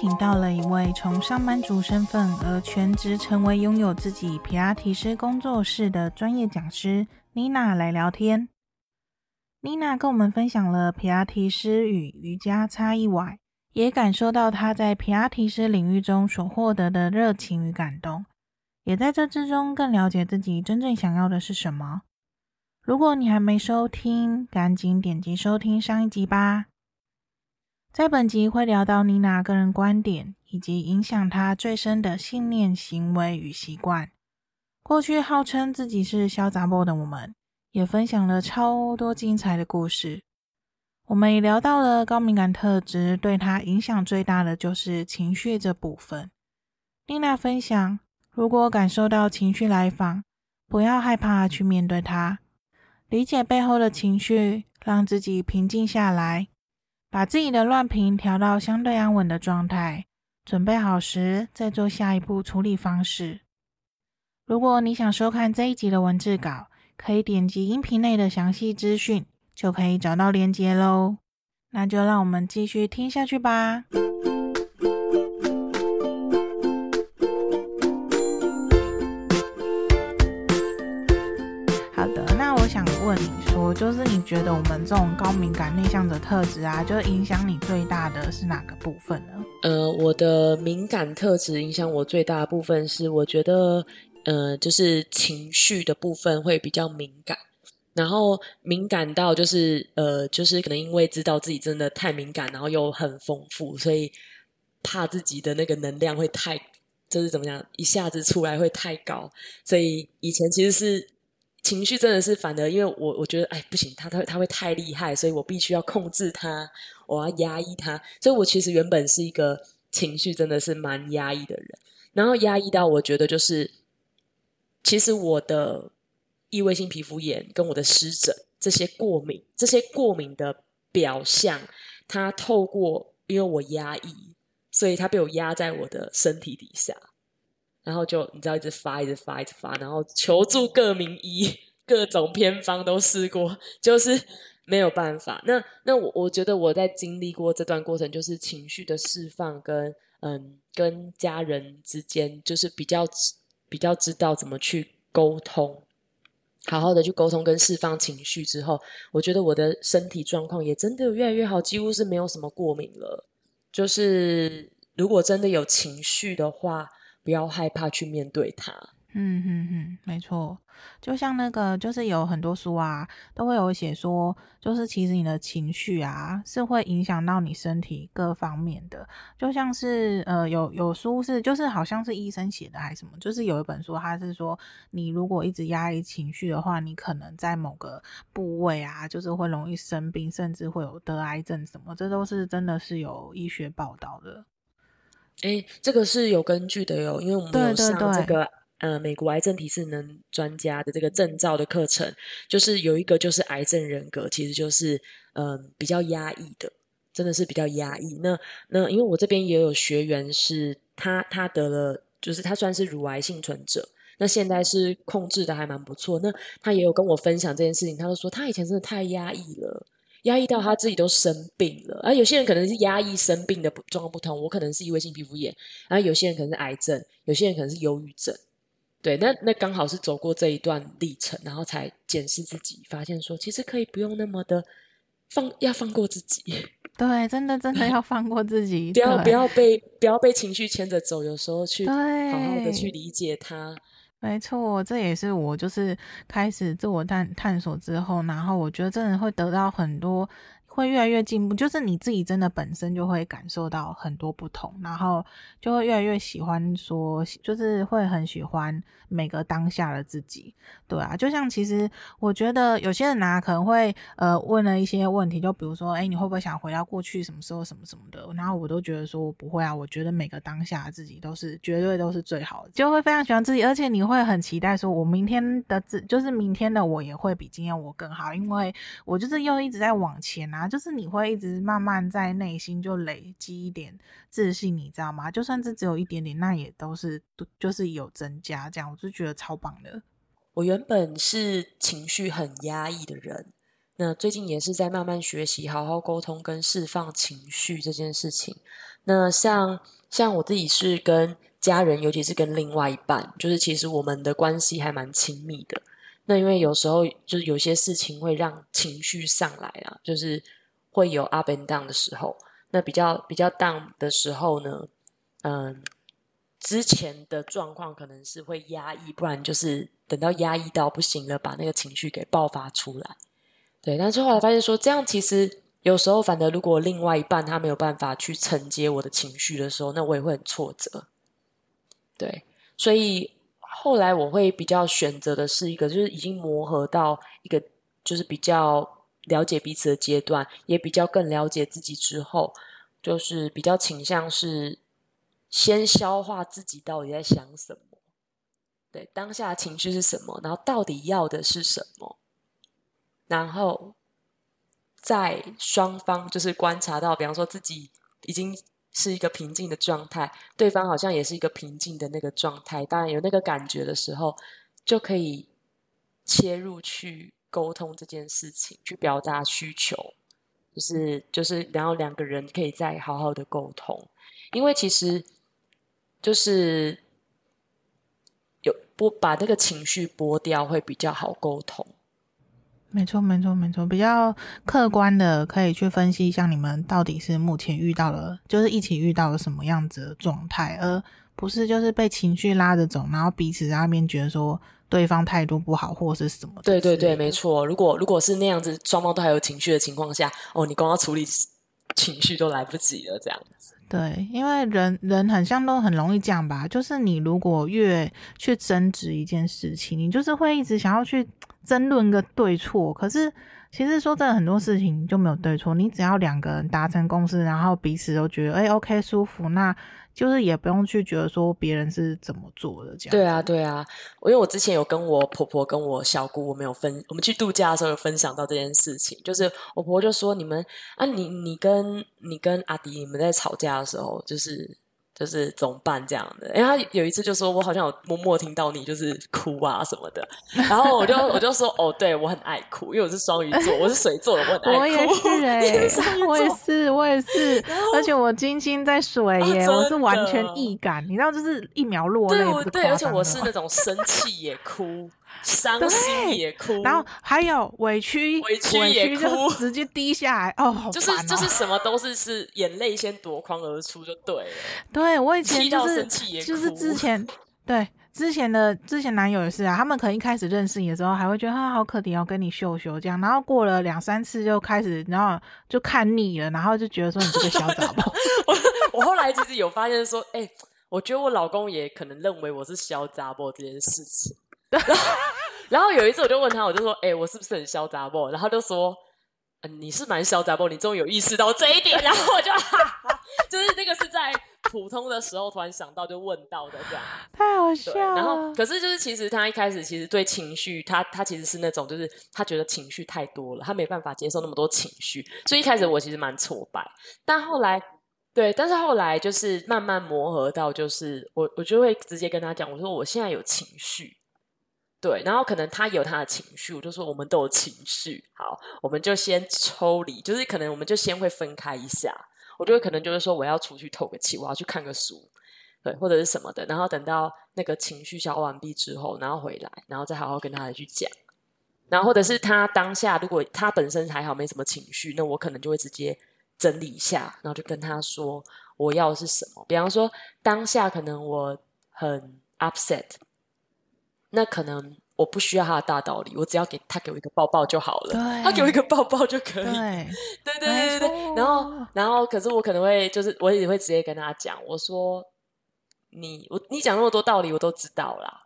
請到了一位從上班族身份而全職成為擁有自己皮拉提斯工作室的專業講師 Nina 來聊天。Nina 跟我們分享了皮拉提斯與瑜伽差異外，也感受到她在皮拉提斯領域中所獲得的熱情與感動，也在這之中更了解自己真正想要的是什麼。如果你還沒收聽，趕緊點擊收聽上一集吧。在本集會聊到妮娜個人觀點，以及影響她最深的信念、行為與習慣。過去號稱自己是瀟雜 b 的我們，也分享了超多精彩的故事。我們也聊到了高敏感特質對她影響最大的就是情緒這部分。妮娜分享，如果感受到情緒來訪，不要害怕去面對它，理解背後的情緒，讓自己平靜下來。把自己的亂頻調到相對安穩的狀態，準備好時再做下一步處理方式。如果你想收看這一集的文字稿，可以點擊音頻內的詳細資訊，就可以找到連接嘍。那就讓我們繼續聽下去吧。好的。想問你說，就是你覺得我們這種高敏感、內向的特質啊，就是影響你最大的是哪個部分呢？呃，我的敏感特質影響我最大的部分是，我覺得，呃，就是情緒的部分會比較敏感，然後敏感到就是，呃，就是可能因為知道自己真的太敏感，然後又很豐富，所以怕自己的那個能量會太，就是怎麼講，一下子出來會太高，所以以前其實是。情緒真的是，反而因為我我覺得，哎，不行，他他他會太厲害，所以我必須要控制他，我要壓抑他，所以我其實原本是一個情緒真的是蠻壓抑的人，然後壓抑到我覺得就是，其實我的異位性皮膚炎跟我的濕疹這些過敏，這些過敏的表象，它透過因為我壓抑，所以它被我壓在我的身體底下。然後就你知道，一直發，一直發，一直發，然後求助各名醫，各種偏方都試過，就是沒有辦法。那那我我覺得我在經歷過這段過程，就是情緒的釋放跟，跟嗯跟家人之間，就是比較比較知道怎麼去溝通，好好的去溝通跟釋放情緒之後，我覺得我的身體狀況也真的越來越好，幾乎是沒有什麼過敏了。就是如果真的有情緒的話，不要害怕去面對它。嗯嗯嗯，沒錯。就像那個，就是有很多書啊，都會有寫說，就是其實你的情緒啊，是會影響到你身體各方面的。就像是呃，有有書是，就是好像是醫生寫的還是什麼，就是有一本書，他是說，你如果一直壓抑情緒的話，你可能在某個部位啊，就是會容易生病，甚至會有得癌症什麼，這都是真的是有醫學報道的。哎，這個是有根據、的喲、哦，因為我們有上這個對對對呃美國癌症體適能專家的這個證照的課程，就是有一個就是癌症人格，其實就是嗯、呃、比較壓抑的，真的是比較壓抑。那那因為我這邊也有學員是他他得了，就是他算是乳癌倖存者，那現在是控制的還蠻不錯。那他也有跟我分享這件事情，他就說他以前真的太壓抑了。壓抑到他自己都生病了，而、啊、有些人可能是壓抑生病的狀況不同，我可能是異位性皮膚炎，然、啊、後有些人可能是癌症，有些人可能是憂鬱症，對，那那剛好是走過這一段歷程，然後才檢視自己，發現說其實可以不用那麼的放，要放過自己，對，真的真的要放過自己， 對不要不要被不要被情緒牽着走，有時候去好好的去理解他。沒錯，這也是我就是開始自我探探索之後，然後我覺得真的會得到很多。會越來越進步，就是你自己真的本身就會感受到很多不同，然後就會越來越喜歡說，就是會很喜歡每個當下的自己，對啊，就像其實我覺得有些人啊可能會呃問了一些問題，就比如說哎，你會不會想回到過去什麼時候什麼什麼的？然後我都覺得說我不會啊，我覺得每個當下的自己都是絕對都是最好的，就會非常喜歡自己，而且你會很期待說，我明天的自就是明天的我也會比今天我更好，因為我就是又一直在往前啊。就是你會一直慢慢在內心就累積一點自信，你知道嗎？就算是只有一點點，那也都是就是有增加。這樣我就覺得超棒的。我原本是情緒很壓抑的人，那最近也是在慢慢學習好好溝通跟釋放情緒這件事情。那像像我自己是跟家人，尤其是跟另外一半，就是其實我們的關係還蠻親密的。那因為有時候就是有些事情會讓情緒上來啊，就是。會有 up and down 的時候，那比較比較 down 的時候呢，嗯，之前的狀況可能是會壓抑，不然就是等到壓抑到不行了，把那個情緒給爆發出來。對，但是後來發現說，這樣其實有時候，反正如果另外一半他沒有辦法去承接我的情緒的時候，那我也會很挫折。對，所以後來我會比較選擇的是一個，就是已經磨合到一個，就是比較。了解彼此的階段，也比較更了解自己之後，就是比較傾向是先消化自己到底在想什麼，對，當下的情緒是什麼，然後到底要的是什麼，然後在雙方就是觀察到，比方說自己已經是一個平靜的狀態，對方好像也是一個平靜的那個狀態，當然有那個感覺的時候，就可以切入去。溝通這件事情，去表達需求，就是就是，然後兩個人可以再好好的溝通，因為其實就是有剝把這個情緒剝掉會比較好溝通。沒錯，沒錯，沒錯，比較客觀的可以去分析一下你們到底是目前遇到了，就是一起遇到了什麼樣子的狀態，而不是就是被情緒拉着走，然後彼此在那邊覺得說。對方態度不好，或者是什麼？對對對，沒錯。如果如果是那樣子，雙方都還有情緒的情況下，哦，你光要處理情緒都來不及了，這樣子。對，因為人人很像都很容易這樣吧，就是你如果越去爭執一件事情，你就是會一直想要去爭論個對錯。可是其實說真的，很多事情就沒有對錯，你只要兩個人達成共識，然後彼此都覺得誒，OK，舒服，那。就是也不用去覺得說別人是怎麼做的這樣子。對啊，對啊，因為我之前有跟我婆婆跟我小姑，我們有分，我們去度假的時候有分享到這件事情，就是我婆婆就說你、啊你：“你們啊，你你跟你跟阿迪你們在吵架的時候，就是。”就是怎麼辦這樣的？因、欸、為他有一次就說，我好像有默默聽到你就是哭啊什麼的，然後我就我就說，哦，對，我很愛哭，因為我是雙魚座，呃、我是水座的，我很愛哭。我也是誒、欸、我也是我也是，而且我金星在水耶，啊、我是完全易感，你知道就是一秒落淚不。對對，而且我是那種生氣也哭。 傷心也哭，然後還有委屈，委屈也哭，就直接滴下來。 哦，好哦，就是就是什麼都是是眼淚先奪眶而出，就對了。對，我以前就是生氣也哭，就是之前對之前的之前男友也是啊，他們可能一開始認識你的時候，還會覺得他好可憐，哦，要跟你秀秀這樣，然後過了兩三次就開始，然後就看膩了，然後就覺得說你這個小雜包 我我後來其實有發現說，哎、欸，我覺得我老公也可能認為我是小雜包這件事情。 然後，然後有一次我就問他，我就說：“哎、欸，我是不是很囂張不？”然後他就說、呃：“你是蠻囂張不？你終於有意識到這一點。” 然後我就，哈哈，就是那個是在普通的時候突然想到就問到的，這樣太好笑了。然後，可是就是其實他一開始其實對情緒，他他其實是那種就是他覺得情緒太多了，他沒辦法接受那麼多情緒，所以一開始我其實蠻挫敗。但後來，對，但是後來就是慢慢磨合到，就是我我就會直接跟他講，我說我現在有情緒。對，然後可能他有他的情緒，就是說我們都有情緒，好，我們就先抽離，就是可能我們就先會分開一下，我就可能就是說我要出去透個氣，我要去看個書，對，或者是什麼的，然後等到那個情緒消化完畢之後，然後回來，然後再好好跟他來去講，然後或者是他當下如果他本身還好沒什麼情緒，那我可能就會直接整理一下，然後就跟他說我要的是什麼，比方說當下可能我很 upset。那可能我不需要他的大道理，我只要給他給我一個抱抱就好了。對他給我一個抱抱就可以。對 對對對對。然後、啊、然後，然後可是我可能會就是，我也會直接跟他講，我說你：“你我你講那麼多道理，我都知道啦。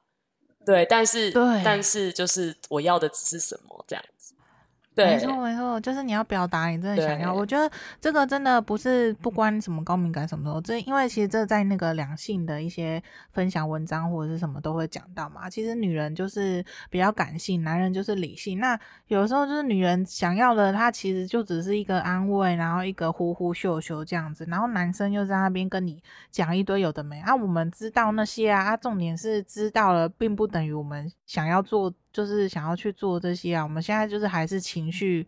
對，但是對但是就是我要的只是什麼這樣子。”對沒錯，沒錯，就是你要表達你真的想要。對我覺得這個真的不是不關什麼高敏感什麼的，這因為其實這在那個兩性的一些分享文章或者是什麼都會講到嘛。其實女人就是比較感性，男人就是理性。那有時候就是女人想要的，她其實就只是一個安慰，然後一個呼呼秀秀這樣子，然後男生又在那邊跟你講一堆有的沒。啊，我們知道那些啊，啊，重點是知道了，並不等於我們想要做。就是想要去做這些啊，我們現在就是還是情緒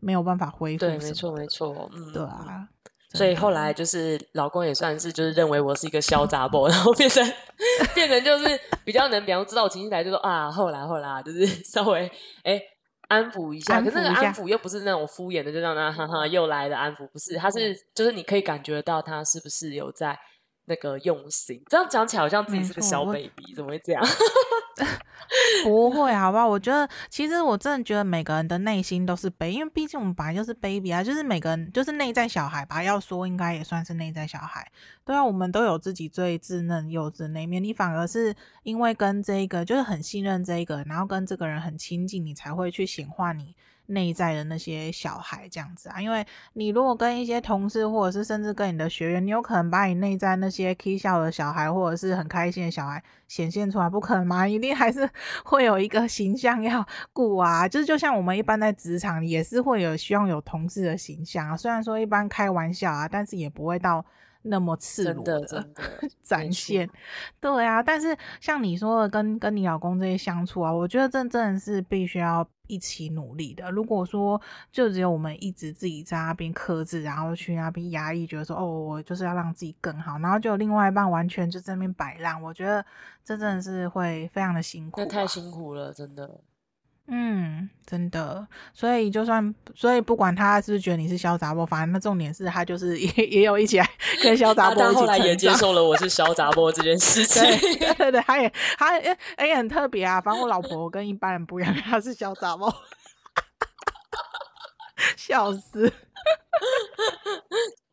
沒有辦法恢復。對，沒錯，沒錯，嗯，對啊。所以後來就是、嗯、老公也算是就是認為我是一個小雜波，然後變成 變成就是比較能比較知道我情緒來，就說啊，後來後來就是稍微哎、欸、安撫一下，一下可是那個安撫又不是那種敷衍的，就讓他哈哈又來的安撫，不是，他是、嗯、就是你可以感覺到他是不是有在。那個用心，這樣講起來好像自己是個小 baby，怎麼會這樣？ 不會，好吧，我覺得其實我真的覺得每個人的內心都是 baby，因為畢竟我們本來就是 baby 啊，就是每個人就是內在小孩吧。要說應該也算是內在小孩。對啊，我們都有自己最稚嫩、幼稚那一面。你反而是因為跟這個就是很信任這個，然後跟這個人很親近，你才會去顯化你，內在的那些小孩這樣子啊，因為你如果跟一些同事，或者是甚至跟你的學員，你有可能把你內在那些起笑的小孩，或者是很開心的小孩顯現出來，不可能嗎？一定還是會有一個形象要顧啊。就是就像我們一般在職場，也是會有希望有同事的形象啊。雖然說一般開玩笑啊，但是也不會到。那麼赤裸的展現，對啊，但是像你說的，跟跟你老公這些相處啊，我覺得這真的是必須要一起努力的。如果說就只有我們一直自己在那邊克制，然後去那邊壓抑，覺得說哦，我就是要讓自己更好，然後就有另外一半完全就在那邊擺爛，我覺得這真的是會非常的辛苦啊，太辛苦了，真的。嗯，真的，所以就算，所以不管他是不是覺得你是瀟灑波，反正那重點是他就是也也有一起來跟瀟灑波後來也接受了我是瀟灑波這件事情， 對，對，對對，他也他也誒很特別啊，反正我老婆我跟一般人不一樣，她是瀟灑波，， 笑死，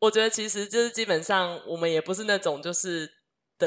我覺得其實就是基本上我們也不是那種就是。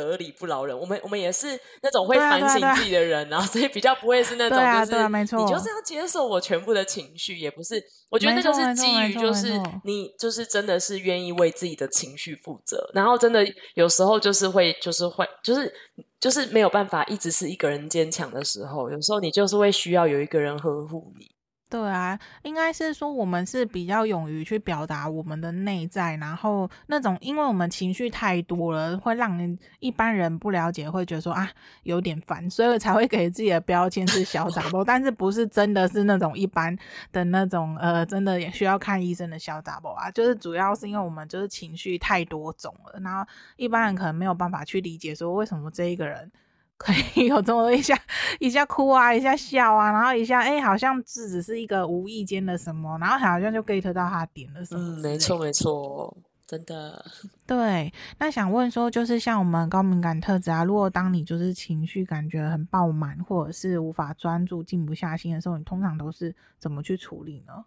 得理不饒人，我們我們也是那種會反省自己的人啊，所以比較不會是那種就是對啊對啊，你就是要接受我全部的情緒，也不是。我覺得那個是基於就是你就是真的是願意為自己的情緒負責，然後真的有時候就是會就是會就是就是沒有辦法一直是一個人堅強的時候，有時候你就是會需要有一個人呵護你。對啊，應該是說我們是比較勇於去表達我們的內在，然後那種因為我們情緒太多了，會讓一般人不了解，會覺得說啊有點煩，所以才會給自己的標籤是小雜博， 但是不是真的是那種一般的那種呃真的也需要看醫生的小雜博啊，就是主要是因為我們就是情緒太多種了，然後一般人可能沒有辦法去理解說為什麼這一個人。可以有這麼多一下，一下哭啊，一下笑啊，然後一下哎、欸，好像字只是一個無意間的什麼，然後好像就 get 到他的點了。嗯，沒錯沒錯，真的。對，那想問說，就是像我們高敏感特質啊，如果當你就是情緒感覺很爆滿，或者是無法專注、靜不下心的時候，你通常都是怎麼去處理呢？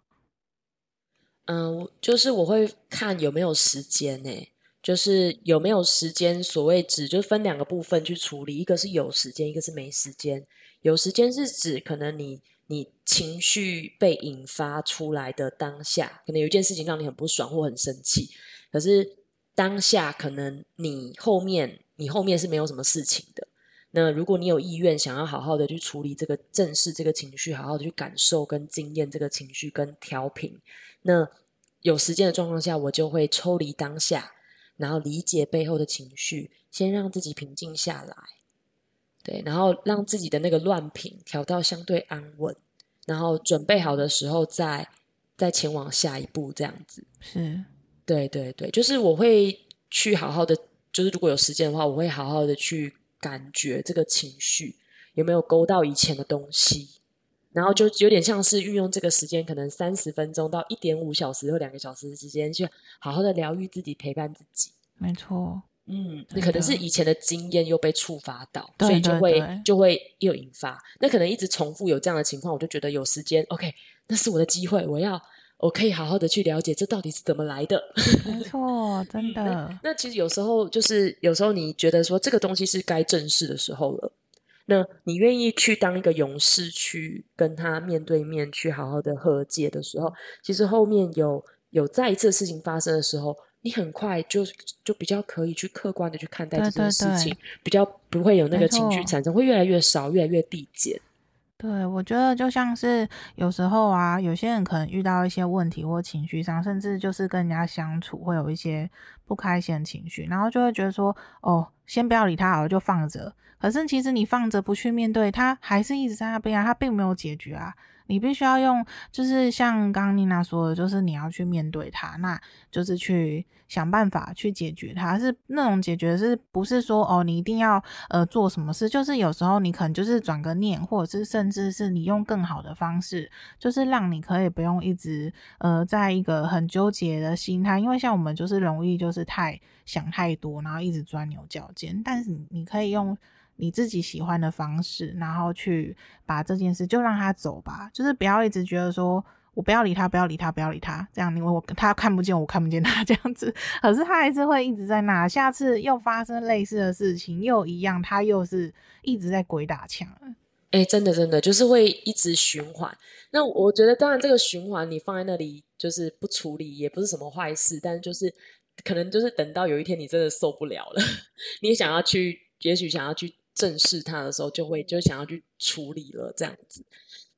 嗯、呃，就是我會看有沒有時間呢、欸。就是有沒有時間？所謂“只”就分兩個部分去處理，一個是有時間，一個是沒時間。有時間是指可能你你情緒被引發出來的當下，可能有一件事情讓你很不爽或很生氣，可是當下可能你後面你後面是沒有什麼事情的。那如果你有意願想要好好的去處理這個正視這個情緒，好好的去感受跟經驗這個情緒跟調頻，那有時間的狀況下，我就會抽離當下。然後理解背後的情緒，先讓自己平靜下來，對，然後讓自己的那個亂頻調到相對安穩，然後準備好的時候再再前往下一步，這樣子。嗯，是對對對，就是我會去好好的，就是如果有時間的話，我會好好的去感覺這個情緒有沒有勾到以前的東西。然後就有點像是運用這個時間，可能三十分鐘到一點五小時或兩個小時之間，去好好的療癒自己，陪伴自己。沒錯，嗯，那的可能是以前的經驗又被觸發到，對對對，所以就會就會又引發。那可能一直重複有這樣的情況，我就覺得有時間，OK，那是我的機會，我要我可以好好的去了解這到底是怎麼來的。沒錯，真的 那。那其實有時候就是有時候你覺得說這個東西是該正視的時候了。那你願意去當一個勇士，去跟他面對面去好好的和解的時候，其實後面有有再一次的事情發生的時候，你很快就就比較可以去客觀的去看待這件事情，對對對，比較不會有那個情緒產生，沒錯，會越來越少，越來越遞減。對，我覺得就像是有時候啊，有些人可能遇到一些問題或情緒上，甚至就是跟人家相處會有一些不開心的情緒，然後就會覺得說，哦，先不要理他，好了就放着。可是其實你放着不去面對，他還是一直在那邊啊，他並沒有解決啊。你必須要用，就是像剛剛 Nina 說的，就是你要去面對它，那就是去想辦法去解決它，是那種解決是，是不是說哦，你一定要呃做什麼事，就是有時候你可能就是轉個念，或者是甚至是你用更好的方式，就是讓你可以不用一直呃在一個很糾結的心態。因為像我們就是容易就是太想太多，然後一直鑽牛角尖。但是你可以用你自己喜歡的方式，然後去把這件事就讓他走吧，就是不要一直覺得說我不要理他，不要理他，不要理他，這樣。因為我他看不見，我看不見他這樣子，可是他還是會一直在那。下次又發生類似的事情，又一樣，他又是一直在鬼打牆。哎、欸，真的，真的，就是會一直循環。那我覺得，當然這個循環你放在那裡就是不處理，也不是什麼壞事，但是就是可能就是等到有一天你真的受不了了， 你想要去，也許想要去。正視他的時候，就會就想要去處理了，這樣子。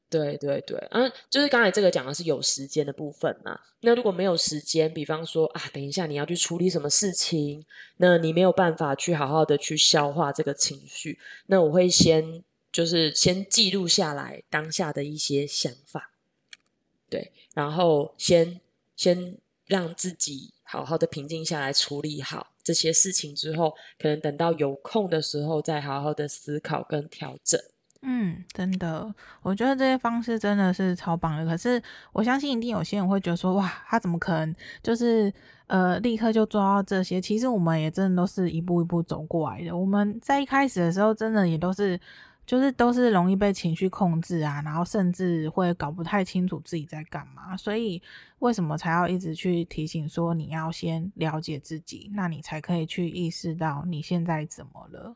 對對對，啊，就是剛才這個講的是有時間的部分嘛。那如果沒有時間，比方說啊，等一下你要去處理什麼事情，那你沒有辦法去好好的去消化這個情緒。那我會先就是先記錄下來當下的一些想法，對，然後先先讓自己，好好的平靜下來，處理好這些事情之後，可能等到有空的時候再好好的思考跟調整。嗯，真的，我覺得這些方式真的是超棒的。可是我相信一定有些人會覺得說，哇，他怎麼可能就是，呃，立刻就做到這些？其實我們也真的都是一步一步走過來的。我們在一開始的時候，真的也都是。就是都是容易被情緒控制啊，然後甚至會搞不太清楚自己在幹嘛，所以為什麼才要一直去提醒說，你要先了解自己，那你才可以去意識到你現在怎麼了。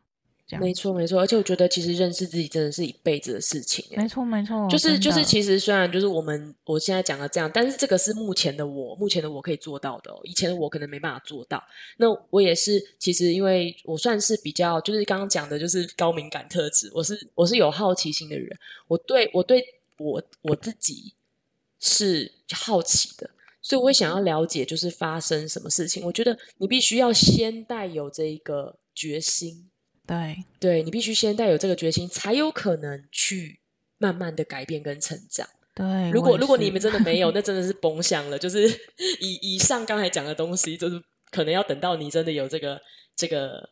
沒錯，沒錯，而且我覺得其實認識自己真的是一輩子的事情。沒錯，沒錯，就是就是，的就是其實雖然就是我們我現在講的這樣，但是這個是目前的我，目前的我可以做到的哦。以前的我可能沒辦法做到。那我也是，其實因為我算是比較就是剛剛講的，就是高敏感特質。我是我是有好奇心的人，我對我對我我自己是好奇的，所以我會想要了解，就是發生什麼事情。我覺得你必須要先帶有這一個決心。對，對，你必須先帶有這個決心，才有可能去慢慢的改變跟成長。對，如果如果你們真的沒有， 那真的是甭想了。就是以以上剛才講的東西，就是可能要等到你真的有這個這個。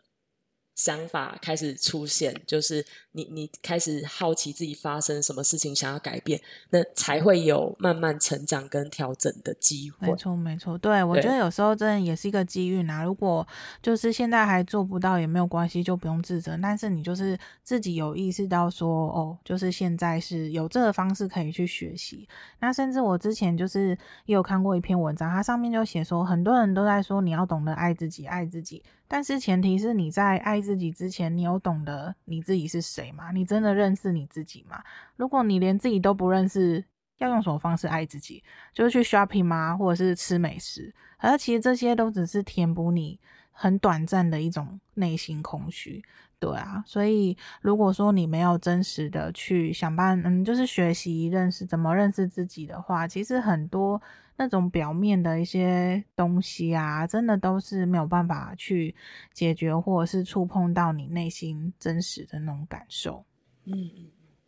想法開始出現，就是你你開始好奇自己發生什麼事情，想要改變，那才會有慢慢成長跟調整的機會。沒錯，沒錯，對，我覺得有時候真的也是一個機遇啦。對。如果就是現在還做不到也沒有關係，就不用自責。但是你就是自己有意識到說，哦，就是現在是有這個方式可以去學習。那甚至我之前就是也有看過一篇文章，它上面就寫說，很多人都在說你要懂得愛自己，愛自己。但是前提是你在愛自己之前，你有懂得你自己是誰嗎？你真的認識你自己嗎？如果你連自己都不認識，要用什麼方式愛自己？就是去 shopping 嗎？或者是吃美食？而其實這些都只是填補你很短暫的一種內心空虛。對啊，所以如果說你沒有真實的去想辦法，嗯，就是學習認識怎麼認識自己的話，其實很多。那種表面的一些東西啊，真的都是沒有辦法去解決，或者是觸碰到你內心真實的那種感受。嗯，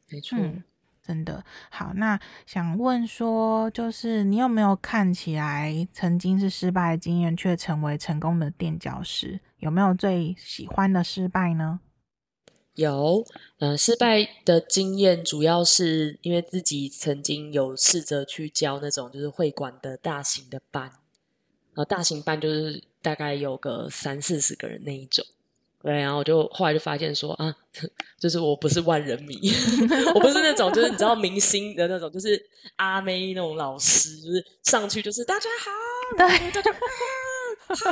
沒錯，嗯，真的。好，那想問說，就是你有沒有看起來曾經是失敗的經驗，卻成為成功的墊腳石？有沒有最喜歡的失敗呢？有，嗯、呃，失敗的經驗主要是因為自己曾經有試着去教那種就是會館的大型的班，呃，大型班就是大概有個三四十個人那一種，對，然後我就後來就發現說啊，就是我不是萬人迷， 我不是那種就是你知道明星的那種，就是阿妹那種老師就是上去就是 大家好，對大家好，好，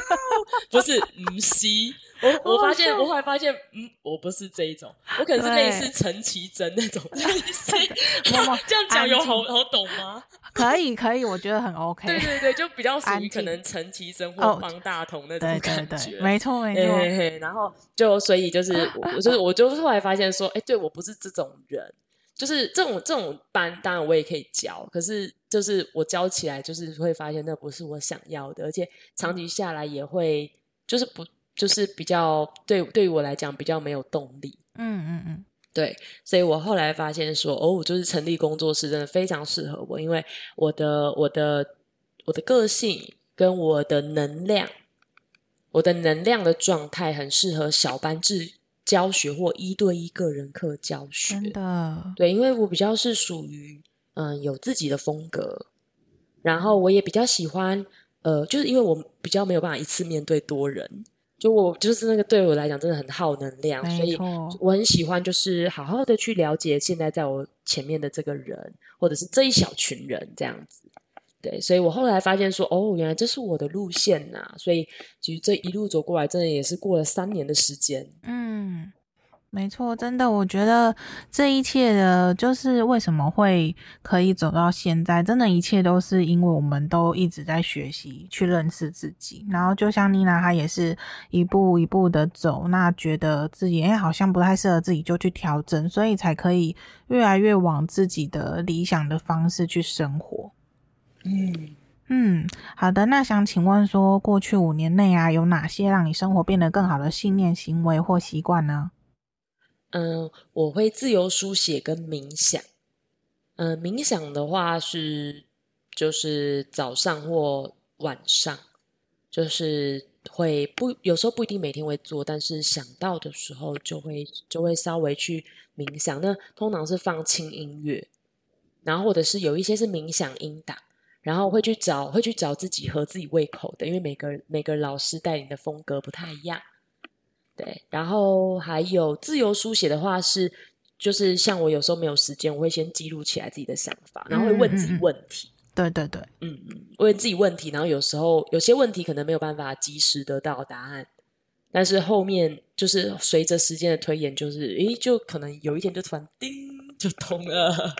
不是，唔西。我我發現，oh, 是我後來發現，嗯，我不是這一種，我可能是類似陳綺貞那種對 這樣講有好靜好懂嗎？可以，可以，我覺得很 OK。對對對，就比較屬於可能陳綺貞或方大同那種感覺，oh, 對對對沒錯沒錯嘿嘿。然後就所以就是我，就是我就後來發現說，哎、 欸，對我不是這種人，就是這種這種班，當然我也可以教，可是就是我教起來就是會發現那不是我想要的，而且長期下來也會就是不。就是比較對，對於我來講比較沒有動力。嗯嗯嗯，對，所以我後來發現說，哦，就是成立工作室真的非常適合我，因為我的我的我的個性跟我的能量，我的能量的狀態很適合小班制教學或一對一個人課教學。真的，對，因為我比較是屬於嗯有自己的風格，然後我也比較喜歡呃，就是因為我比較沒有辦法一次面對多人。就我就是那個對我來講真的很耗能量，沒錯。所以我很喜歡就是好好的去了解現在在我前面的這個人，或者是這一小群人這樣子。對，所以我後來發現說，哦，原來這是我的路線吶、啊。所以其實這一路走過來，真的也是過了三年的時間。嗯。沒錯，真的，我覺得這一切的，就是為什麼會可以走到現在，真的，一切都是因為我們都一直在學習去認識自己。然後，就像 Nina，她也是一步一步的走，那覺得自己、欸、好像不太適合自己，就去調整，所以才可以越來越往自己的理想的方式去生活。嗯嗯，好的，那想請問說，過去五年內啊，有哪些讓你生活變得更好的信念、行為或習慣呢？嗯，我會自由書寫跟冥想。嗯，冥想的話是就是早上或晚上，就是會不有時候不一定每天會做，但是想到的時候就會就會稍微去冥想。那通常是放輕音樂，然後或者是有一些是冥想音檔，然後會去找會去找自己合自己胃口的，因為每個每個老師帶領的風格不太一樣。對，然後還有自由書寫的話是，就是像我有時候沒有時間，我會先記錄起來自己的想法，然後會問自己問題。對對對，嗯，嗯，問、嗯、問自己問題，然後有時候有些問題可能沒有辦法及時得到答案，但是後面就是隨着時間的推演，就是誒，就可能有一天就突然叮就通了。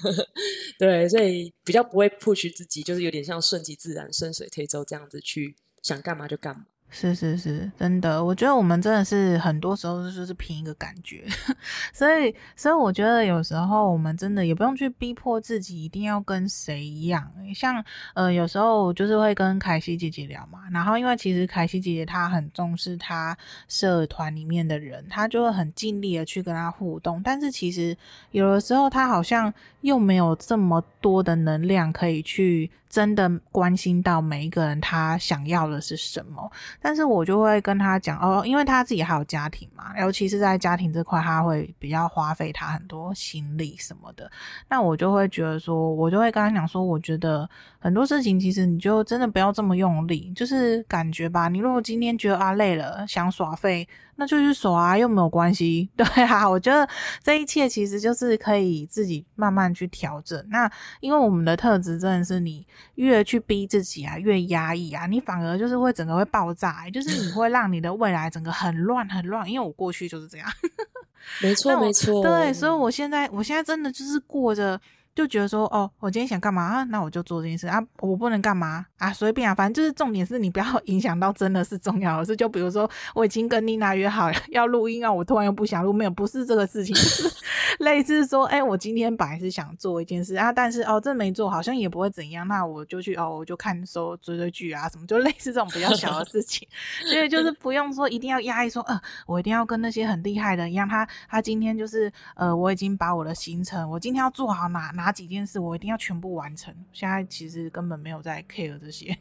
對，所以比較不會 push 自己，就是有點像順其自然、順水推舟這樣子去想幹嘛就幹嘛。是是是，真的，我覺得我們真的是很多時候就是憑一個感覺， 所以所以我覺得有時候我們真的也不用去逼迫自己一定要跟誰一樣欸，像呃有時候就是會跟凱西姐姐聊嘛，然後因為其實凱西姐姐她很重視她社團裡面的人，她就會很盡力的去跟她互動，但是其實有的時候她好像又沒有這麼多的能量可以去。真的關心到每一個人，他想要的是什麼？但是我就會跟他講哦，因為他自己還有家庭嘛，尤其是在家庭這塊，他會比較花費他很多心力什麼的。那我就會覺得說，我就會跟他講說，我覺得很多事情其實你就真的不要這麼用力，就是感覺吧。你如果今天覺得啊，累了，想耍廢。那就去耍啊，又沒有關係。對啊，我覺得這一切其實就是可以自己慢慢去調整。那因為我們的特質真的是，你越去逼自己啊，越壓抑啊，你反而就是會整個會爆炸，欸，就是你會讓你的未來整個很亂很亂。因為我過去就是這樣， 沒錯沒錯，對，所以我現在我現在真的就是過着。就覺得說，哦，我今天想幹嘛啊？那我就做這件事啊。我不能幹嘛啊？隨便啊，反正就是重點是你不要影響到真的是重要的事。是就比如說，我已經跟 Nina 約好要錄音啊，我突然又不想錄，沒有，不是這個事情， 類似說，哎、欸，我今天本來是想做一件事啊，但是哦，這沒做，好像也不會怎樣，那我就去哦，我就看說追追劇啊什麼，就類似這種比較小的事情， 所以就是不用說一定要壓抑說，呃，我一定要跟那些很厲害的人一樣，他他今天就是呃，我已經把我的行程，我今天要做好哪哪，哪幾件事我一定要全部完成？現在其實根本沒有在 care 這些。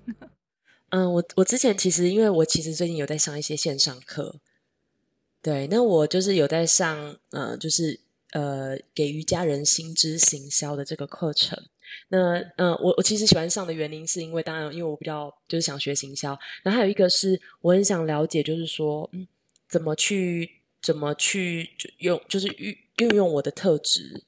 嗯，我我之前其實因為我其實最近有在上一些線上課，對，那我就是有在上，呃，就是呃，給瑜伽人心知行銷的這個課程。那，呃，我我其實喜歡上的原因是因為，當然，因為我比較就是想學行銷，然後還有一個是我很想了解，就是說，嗯，怎麼去怎麼去就用，就是運運用我的特質。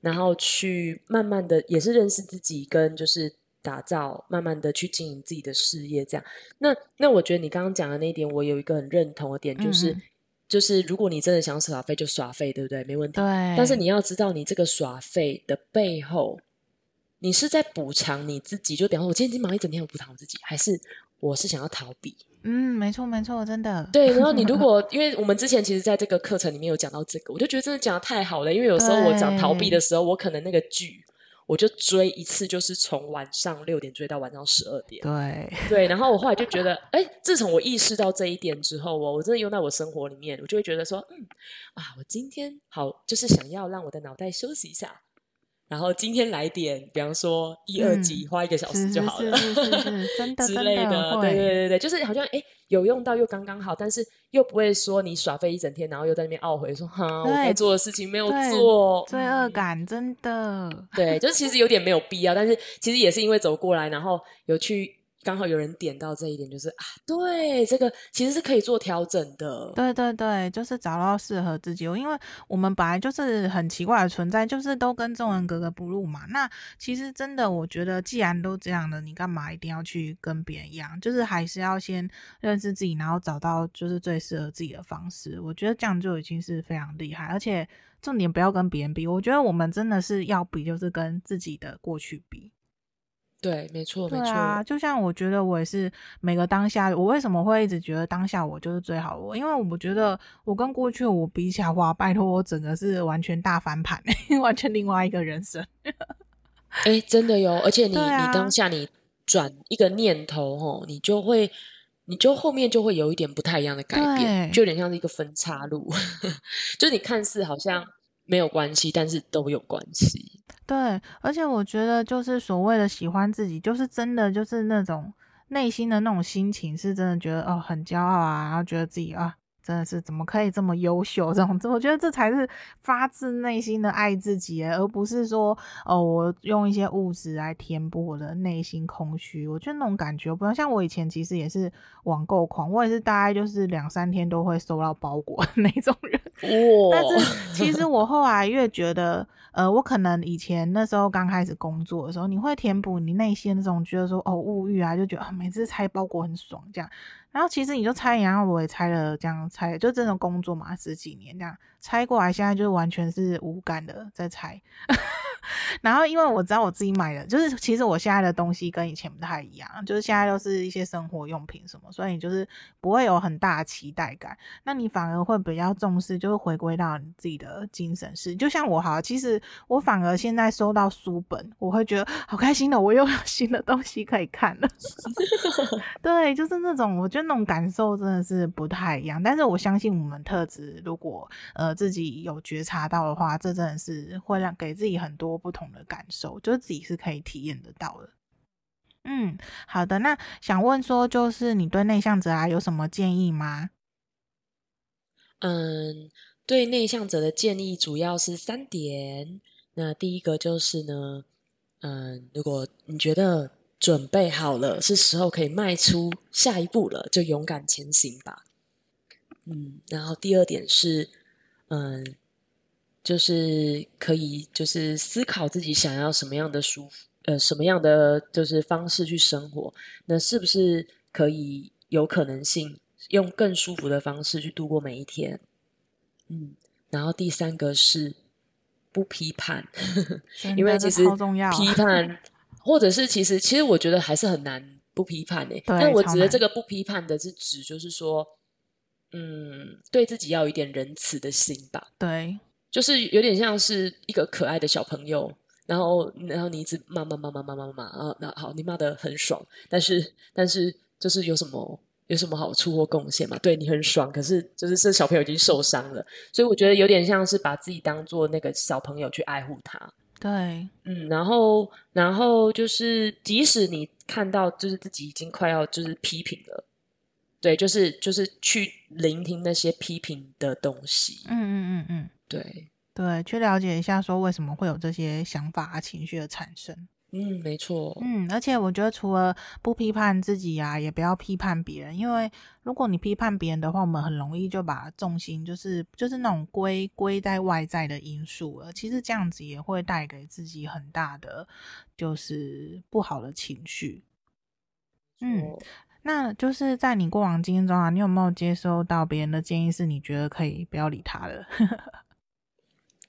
然後去慢慢的也是認識自己，跟就是打造慢慢的去經營自己的事業，這樣。那那我覺得你剛剛講的那一點，我有一個很認同的點，就是、嗯、哼就是如果你真的想耍廢就耍廢對不對？沒問題。對。但是你要知道，你這個耍廢的背後，你是在補償你自己，就比方說，我今天已經忙一整天，我補償我自己，還是我是想要逃避？嗯，沒錯沒錯，真的。對，然後你如果因為我們之前其實在這個課程裡面有講到這個， 我就覺得真的講的太好了。因為有時候我講逃避的時候，對我可能那個劇，我就追一次，就是從晚上六點追到晚上十二點。對對，然後我後來就覺得，哎， 自從我意識到這一點之後，我我真的用在我生活裡面，我就會覺得說，嗯啊，我今天好，就是想要讓我的腦袋休息一下。然後今天來點，比方說一二集、嗯、花一個小時就好了，是是是是是是真的。之類的，的對對對，對，對就是好像哎有用到又剛剛好，但是又不會說你耍廢一整天，然後又在那邊懊悔說，哈，我該對做的事情沒有做，罪對、嗯、惡感真的，對，就是其實有點沒有必要，但是其實也是因為走過來，然後有去。剛好有人點到這一點，就是啊，對，這個其實是可以做調整的。對對對，就是找到適合自己。因為我們本來就是很奇怪的存在，就是都跟眾人格格不入嘛。那其實真的，我覺得既然都這樣的，你幹嘛一定要去跟別人一樣？就是還是要先認識自己，然後找到就是最適合自己的方式。我覺得這樣就已經是非常厲害，而且重點不要跟別人比。我覺得我們真的是要比，就是跟自己的過去比。對，沒錯，沒錯啊！錯就像我覺得，我也是每個當下，我為什麼會一直覺得當下我就是最好？我，因為我覺得我跟過去我比起來哇，話，拜託，我整個是完全大翻盤，完全另外一個人生。哎、欸，真的喲！而且你，啊、你當下你轉一個念頭，哦，你就會，你就後面就會有一點不太一樣的改變，對就有點像是一個分叉路， 就你看似好像沒有關係，但是都有關係。對，而且我覺得就是所謂的喜歡自己，就是真的就是那種內心的那種心情，是真的覺得哦，很驕傲啊，然後覺得自己啊。真的是怎麼可以這麼優秀？這種，我覺得這才是發自內心的愛自己，而不是說，哦、呃，我用一些物質來填補我的內心空虛。我覺得那種感覺不像我以前其實也是網購狂，我也是大概就是兩三天都會收到包裹的那種人。但是其實我後來越覺得，呃，我可能以前那時候剛開始工作的時候，你會填補你內心那種覺得說，哦，物欲啊，就覺得、呃、每次拆包裹很爽這樣。然後其實你就猜，然後我也猜了，這樣猜就這種工作嘛，十幾年這樣猜過來，現在就完全是無感的在猜。 然後，因為我知道我自己買的，就是其實我現在的東西跟以前不太一樣，就是現在都是一些生活用品什麼，所以你就是不會有很大期待感，那你反而會比較重視，就是回歸到你自己的精神是就像我哈，其實我反而現在收到書本，我會覺得好開心的，我又有新的東西可以看了。 對，就是那種，我覺得那種感受真的是不太一樣。但是我相信，我們特質如果呃自己有覺察到的話，這真的是會讓給自己很多。多不同的感受，就自己是可以體驗得到的。嗯，好的，那想問說，就是你對內向者啊有什麼建議嗎？嗯，對內向者的建議主要是三點。那第一個就是呢，嗯，如果你覺得準備好了，是時候可以邁出下一步了，就勇敢前行吧。嗯，然後第二點是，嗯。就是可以，就是思考自己想要什麼樣的舒服，呃，什麼樣的就是方式去生活。那是不是可以有可能性用更舒服的方式去度過每一天？嗯，然後第三個是不批判，的 因為其實批判、啊、或者是其實其實我覺得還是很難不批判誒、欸。對但我覺得這個不批判的是指就是說，難嗯，對自己要有一點仁慈的心吧。對。就是有點像是一個可愛的小朋友，然後然後你一直罵罵罵罵罵罵罵，那、啊、好，你罵得很爽，但是但是就是有什麼有什麼好處或貢獻嘛？對你很爽，可是就是這小朋友已經受傷了，所以我覺得有點像是把自己當做那個小朋友去愛護他。對，嗯，然後然後就是即使你看到就是自己已經快要就是批評了，對，就是就是去聆聽那些批評的東西。嗯嗯嗯嗯。嗯嗯對對，去了解一下，說為什麼會有這些想法啊、情緒的產生。嗯，沒錯。嗯，而且我覺得，除了不批判自己啊，也不要批判別人，因為如果你批判別人的話，我們很容易就把重心就是就是那種歸歸在外在的因素了。其實這樣子也會帶給自己很大的就是不好的情緒。說嗯，那就是在你過往經驗中啊，你有沒有接受到別人的建議，是你覺得可以不要理他的？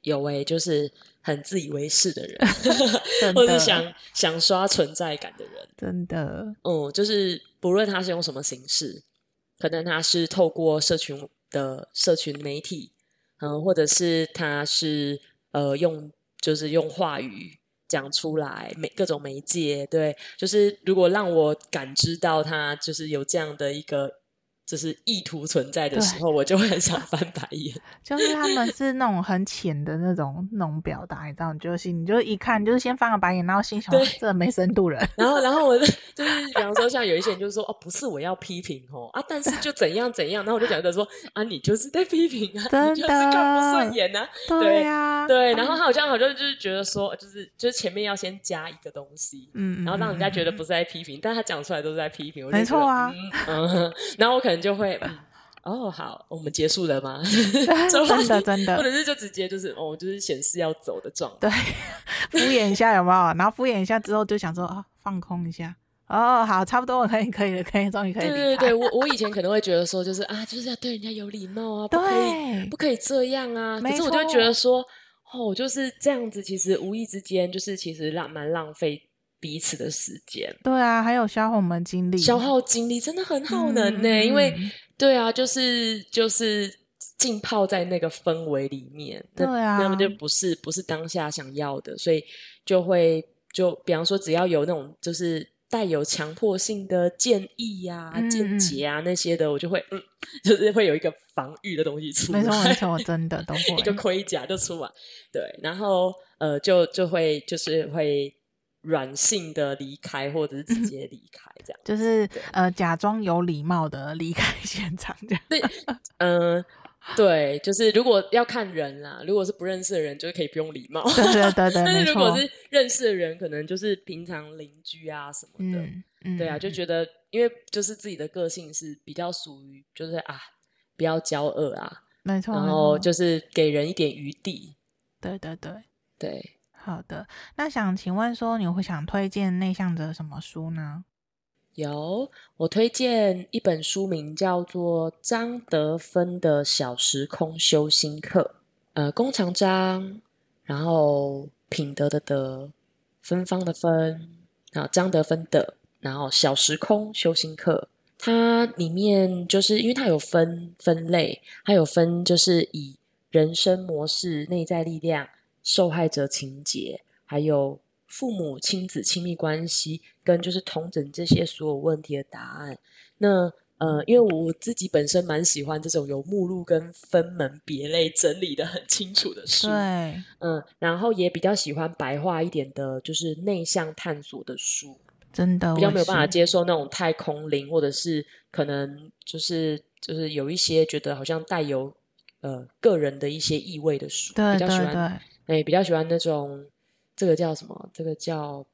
有誒、欸，就是很自以為是的人， 的或者是想想刷存在感的人，真的。哦、嗯，就是不論他是用什麼形式，可能他是透過社群的社群媒體，嗯，或者是他是呃用就是用話語講出來，每各種媒介，對，就是如果讓我感知到他就是有這樣的一個。就是意圖存在的時候，我就會很想翻白眼。就是他們是那種很淺的那種那種表達，你知道，你就心你就一看，就是先翻個白眼，然後心想：對，這沒深度了。然後，然後我就是，比方說像有一些人，就是說哦，不是我要批評哦啊，但是就怎樣怎樣，然後我就覺得說啊，你就是在批評啊，你就是看不順眼啊。對呀，對。然後他好像好像就是覺得說，就是就是前面要先加一個東西，嗯，然後讓人家覺得不是在批評，但他講出來都是在批評。沒錯啊，嗯，然後我可能。就會吧、嗯、哦，好，我們結束了嗎？真的對 你真的，真的或者是就直接就是哦，就是顯示要走的狀態，對， 你 敷衍一下有沒有？然後敷衍一下之後就想說啊、哦，放空一下哦，好，差不多可以可以可以，終於可以。可以可以對對對，我我以前可能會覺得說就是 啊，就是要對人家有禮貌啊，不可以對不可以這樣啊，錯可是我就會覺得說哦，就是這樣子，其實無意之間就是其實浪蠻浪費彼此的時間，對啊，還有消耗我們精力，消耗精力真的很好難呢、欸。嗯、因為，嗯、對啊，就是就是浸泡在那個氛圍裡面，對，那，對啊，那麼就不是不是當下想要的，所以就會就比方說，只要有那種就是帶有強迫性的建議呀、見解啊那些的，我就會嗯，就是會有一個防禦的東西出來，沒錯，真的會，一個盔甲就出來。對，然後呃，就就會就是會。軟性的離開，或者是直接離開，這樣、嗯、就是對呃，假裝有禮貌的離開現場這樣。對，嗯、呃。對，就是如果要看人啊，如果是不認識的人，就可以不用禮貌。對對對，對 但是如果是認識的人，錯可能就是平常鄰居啊什麼的。嗯嗯、對啊，就覺得因為就是自己的個性是比較屬於就是啊，比較驕傲啊，沒錯錯。然後就是給人一點餘地。對對對對。對好的，那想請問說，你會想推薦內向的什麼書呢？有，我推薦一本書名叫做張德芬的《小時空修心課》。呃，弓長張，然後品德的德，芬芳的芬，啊，張德芬的，然後《小時空修心課》，它裡面就是因為它有分分類，它有分就是以人生模式、內在力量。受害者情結，還有父母親子親密關係，跟就是統整這些所有問題的答案。那呃，因為我自己本身蠻喜歡這種有目錄跟分門別類整理得很清楚的書，對，嗯，然後也比較喜歡白話一點的，就是內向探索的書，真的比較沒有辦法接受那種太空靈，說或者是可能就是就是有一些覺得好像帶有呃個人的一些意味的書，對，比較喜歡對。對誒、欸，比較喜歡那種，這個叫什麼？這個叫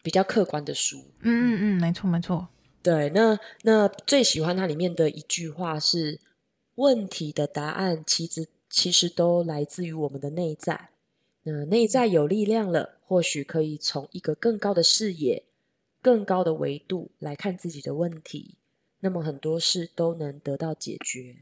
比較客觀的書。嗯嗯嗯，沒錯沒錯。對，那那最喜歡它裡面的一句話是：問題的答案其實其實都來自於我們的內在。那、呃、內在有力量了，或許可以從一個更高的視野、更高的維度來看自己的問題，那麼很多事都能得到解決。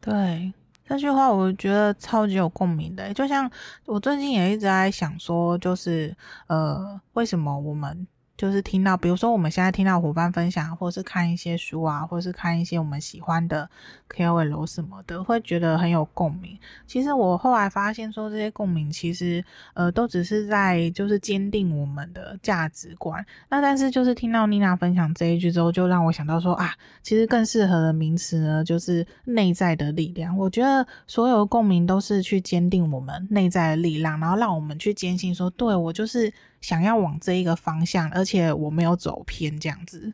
對。這句話我覺得超級有共鳴的欸，就像我最近也一直在想說，就是呃，為什麼我們？就是聽到，比如說我們現在聽到夥伴分享，或者是看一些書啊，或者是看一些我們喜歡的 KOL 什麼的，會覺得很有共鳴。其實我後來發現說，說這些共鳴其實，呃，都只是在就是堅定我們的價值觀。那但是就是聽到 Nina 分享這一句之後，就讓我想到說啊，其實更適合的名詞呢，就是內在的力量。我覺得所有的共鳴都是去堅定我們內在的力量，然後讓我們去堅信說，對我就是。想要往這一個方向，而且我沒有走偏這樣子。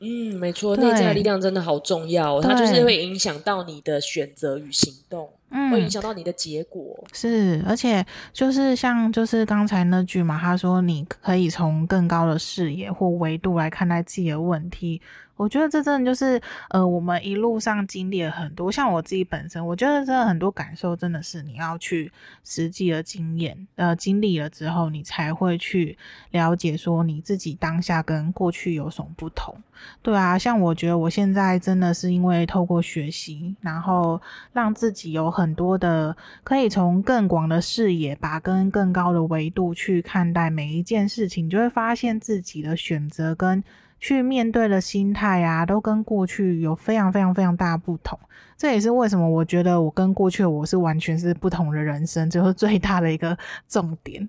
嗯，沒錯，內對在的力量真的好重要，哦，對它就是會影響到你的選擇與行動，嗯、會影響到你的結果。是，而且就是像就是剛才那句嘛，他說你可以從更高的視野或維度來看待自己的問題。我覺得這真的就是，呃，我們一路上經歷了很多。像我自己本身，我覺得真的很多感受，真的是你要去實際的經驗，呃，經歷了之後，你才會去了解說你自己當下跟過去有什麼不同。對啊，像我覺得我現在真的是因為透過學習，然後讓自己有很多的可以從更廣的視野吧，跟更高的維度去看待每一件事情，你就會發現自己的選擇跟，去面對的心態啊，都跟過去有非常非常非常大的不同。這也是為什麼我覺得我跟過去我是完全是不同的人生，這是最大的一個重點，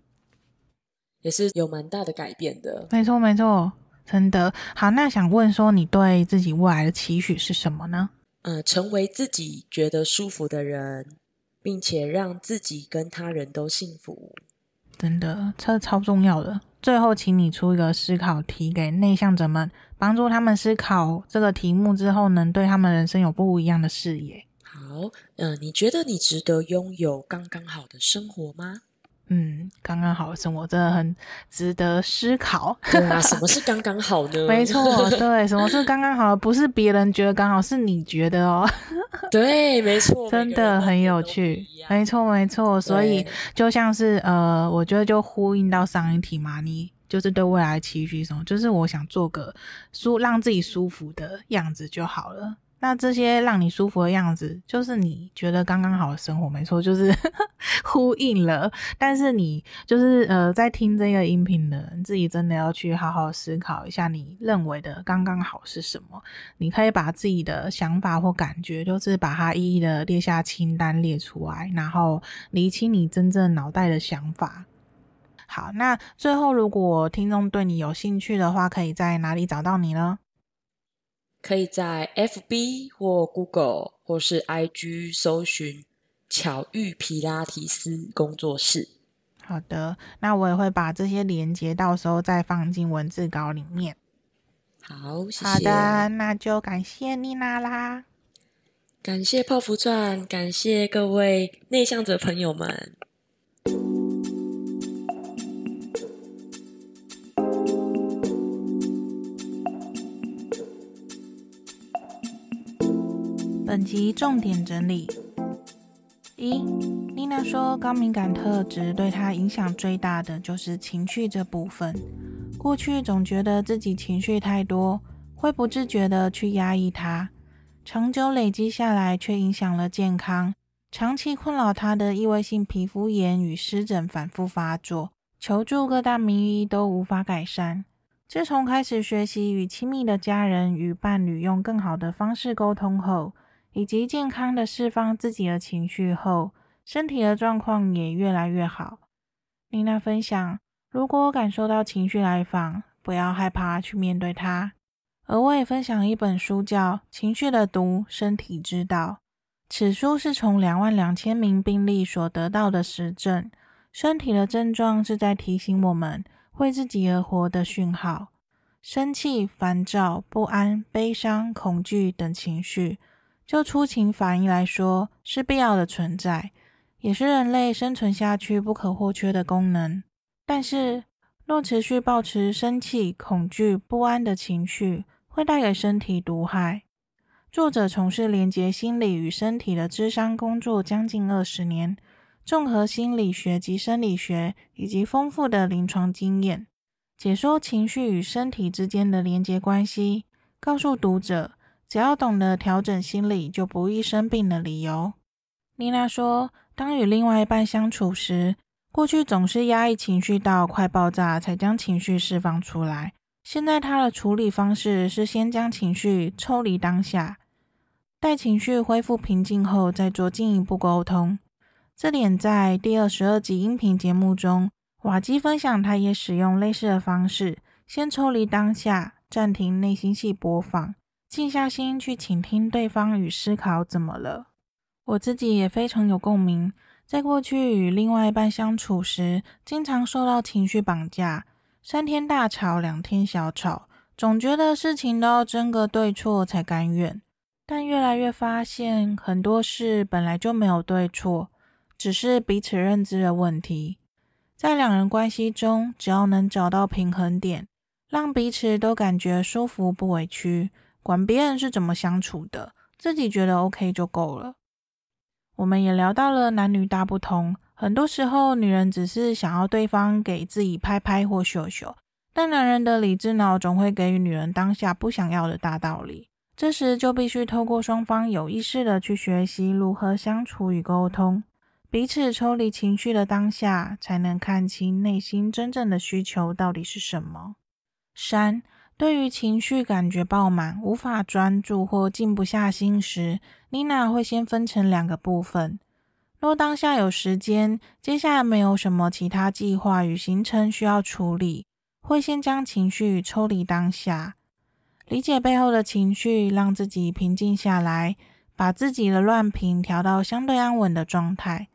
也是有蠻大的改變的。沒錯，沒錯，真的。好，那想問說，你對自己未來的期許是什麼呢？呃，成為自己覺得舒服的人，並且讓自己跟他人都幸福。真的，這是超重要的。最後，請你出一個思考題給內向者們，幫助他們思考這個題目之後，能對他們人生有不一樣的視野。好，呃，你覺得你值得擁有剛剛好的生活嗎？嗯，剛剛好的事，的生活真的很值得思考。那啊， 什麼是剛剛好的？沒錯，對，什麼是剛剛好的？不是別人覺得剛好，是你覺得哦。對，沒錯， 真的很有趣。沒錯，沒錯。所以對就像是呃，我覺得就呼應到上一題嘛，你就是對未來期許什麼？就是我想做個舒讓自己舒服的樣子就好了。那這些讓你舒服的樣子，就是你覺得剛剛好的生活。沒錯，就是呵呵呼應了。但是你就是呃，在聽這個音頻的人，自己真的要去好好思考一下，你認為的剛剛好是什麼？你可以把自己的想法或感覺，就是把它一一的列下清單，列出來，然後釐清你真正腦袋的想法。好，那最後，如果聽眾對你有興趣的話，可以在哪裡找到你呢？可以在 FB 或 Google 或是 IG 搜尋巧遇皮拉提斯工作室。好的，那我也會把這些連接到時候再放進文字稿裡面。好，謝謝。好的，那就感謝妮娜啦，感謝泡芙傳，感謝各位內向者朋友們。本集重點整理：一，妮娜說，高敏感特質對她影響最大的就是情緒這部分。過去總覺得自己情緒太多，會不自覺的去壓抑它，長久累積下來，卻影響了健康。長期困擾她的異位性皮膚炎與濕疹反复發作，求助各大名醫都無法改善。自從開始學習與親密的家人與伴侶用更好的方式溝通後，以及健康的釋放自己的情緒後，身體的狀況也越來越好。妮娜分享：如果感受到情緒來訪，不要害怕去面對它。而我也分享一本書，叫《情緒的毒，身體知道》。此書是從兩萬兩千名病例所得到的實證，身體的症狀是在提醒我們，為自己而活的訊號。生氣、煩躁、不安、悲傷、恐懼等情緒。就出情反應來說，是必要的存在，也是人類生存下去不可或缺的功能。但是，若持續保持生氣、恐懼、不安的情緒，會帶給身體毒害。作者從事連接心理與身體的諮商工作將近二十年，綜合心理學及生理學以及豐富的臨床經驗，解說情緒與身體之間的連接關係，告訴讀者，只要懂得調整心理，就不易生病的理由。妮娜說：“當與另外一半相處時，過去總是壓抑情緒到快爆炸，才將情緒釋放出來。現在她的處理方式是先將情緒抽離當下，待情緒恢復平靜後，再做進一步溝通。這點在第二十二集音頻節目中，瓦基分享，他也使用類似的方式，先抽離當下，暫停內心戲播放。”靜下心去傾聽對方，與思考怎麼了？我自己也非常有共鳴。在過去與另外一半相處時，經常受到情緒綁架，三天大吵，兩天小吵，總覺得事情都要爭個對錯才甘願。但越來越發現，很多事本來就沒有對錯，只是彼此認知的問題。在兩人關係中，只要能找到平衡點，讓彼此都感覺舒服不委屈。管別人是怎麼相處的，自己覺得 OK 就夠了。我們也聊到了男女大不同，很多時候女人只是想要對方給自己拍拍或秀秀，但男人的理智腦總會給予女人當下不想要的大道理。這時就必須透過雙方有意識的去學習如何相處與溝通，彼此抽離情緒的當下，才能看清內心真正的需求到底是什麼。三。對於情緒感覺爆滿、無法專注或靜不下心時，Nina 會先分成兩個部分。若當下有時間，接下來沒有什麼其他計劃與行程需要處理，會先將情緒抽離當下，理解背後的情緒，讓自己平靜下來，把自己的亂頻調到相對安穩的狀態，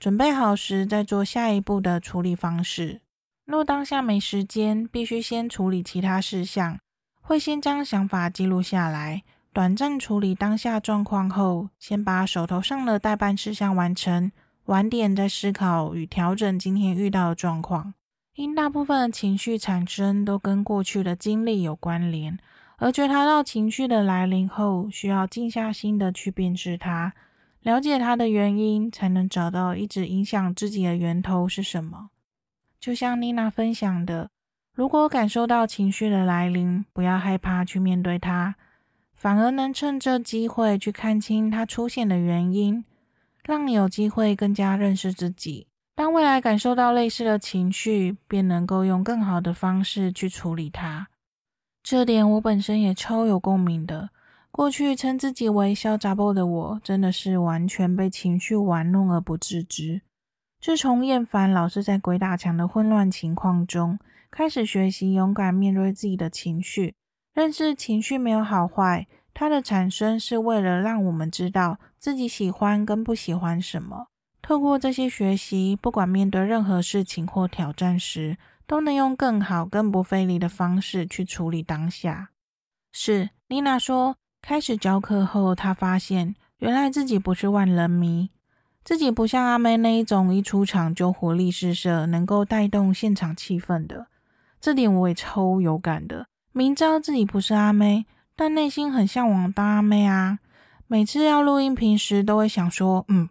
準備好時再做下一步的處理方式。若當下沒時間，必須先處理其他事項，會先將想法記錄下來。短暫處理當下狀況後，先把手頭上的待辦事項完成，晚點再思考與調整今天遇到的狀況。因大部分的情緒產生都跟過去的經歷有關聯，而覺察到情緒的來臨後，需要靜下心的去辨識它，了解它的原因，才能找到一直影響自己的源頭是什麼。就像 Nina 分享的，如果感受到情緒的來臨，不要害怕去面對它，反而能趁這機會去看清它出現的原因，讓你有機會更加認識自己。當未來感受到類似的情緒，便能夠用更好的方式去處理它。這點我本身也超有共鳴的。過去稱自己為“小雜波”的我，真的是完全被情緒玩弄而不自知。自從厭煩老是在鬼打牆的混亂情況中，開始學習勇敢面對自己的情緒，認識情緒沒有好壞，它的產生是為了讓我們知道自己喜歡跟不喜歡什麼。透過這些學習，不管面對任何事情或挑戰時，都能用更好、更不費力的方式去處理當下。是妮娜說，開始教課後，她發現原來自己不是萬人迷。自己不像阿妹那一種一出場就活力四射、能夠帶動現場氣氛的，這點我也超有感的。明知道自己不是阿妹，但內心很嚮往當阿妹啊。每次要錄音，平時都會想說：“嗯，